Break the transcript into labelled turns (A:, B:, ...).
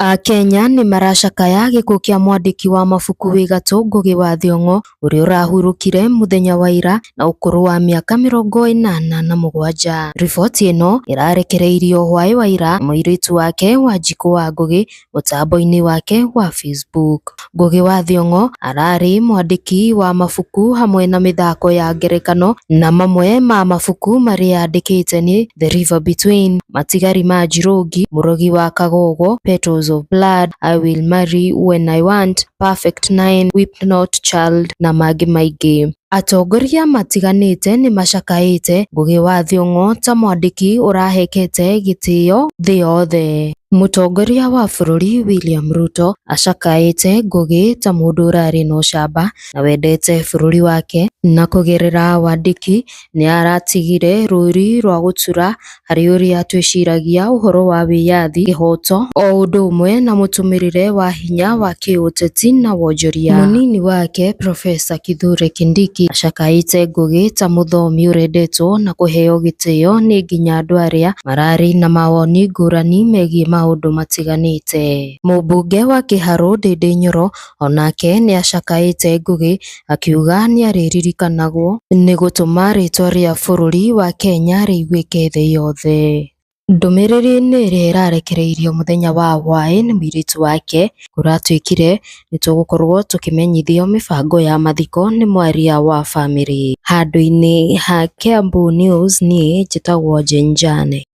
A: Akenya ya gĩkuũ kĩa mwandĩki wa mabuku Wĩgatũ Ngũgĩ wa Thiong'o ũrĩa ũrahurũkire mũthenya wa ira na ũkũrũ wa mĩaka mĩrongo ĩnana na mũgwanja. Riboti ĩno ĩrarekereirio hwaĩ wa ira mũirĩtu wake Wanjikũ wa Ngũgĩ mũtambo-inĩ wake wa Facebook. Ngũgĩ wa Thiong'o ararĩ mwandĩki wa mabuku hamwe na mĩthako ya ngerekano na mamwe ma mabuku marĩa andĩkĩte nĩ The River Between, Matigari ma Njirũngi, Mũrogi wa Kagogo, Petals because of blood, I will marry when I want, perfect nine, whip not child na mangĩ maingĩ atongoria matiganĩte nĩ macakaĩte Ngugi wa Thiong'o ta mwandĩki ũrahekete gĩtĩo thĩ yothe Mũtongoria wa bũrũri William Ruto acakaĩte Ngugi ta mũndũ ũrarĩ na ũcamba na wendete bũrũri wake, na kũgerera wandĩki nĩ aratigire rũũri rwa gũtura harĩ ũrĩa twĩciragia ũhoro wa wĩyathi, kĩhooto, o ũndũ ũmwe na mũtũmĩrĩre wa hinya wa kĩũteti na wonjoria.
B: Mũnini wake Profesa Kithure Kindiki acakaĩte Ngugi ta mũthomi ũrendetwo na kũheo gĩtĩo nĩ nginya andũ arĩa mararĩ na mawoni ngũrani megiĩ maundu matiganite Mũmbunge wa Kiharu Ndindi Nyoro onake nĩacakaĩte Ngugi akiuga nĩarĩririkanagwo nĩ gũtũma rĩtwa rĩa bũrũri wa Kenya rĩiguĩke thĩ yothe Ndũmĩrĩri nĩ ĩrĩa ĩrarekereirio mũthenya wa hwaĩ nĩ mũirĩtu wake kũratuĩkire nĩtũgũkorwo tũkĩmenyithio mĩbango ya mathiko nĩ mwaria wa bamĩrĩ handũ ini ha Kiambu News ni njĩtagwo jenjane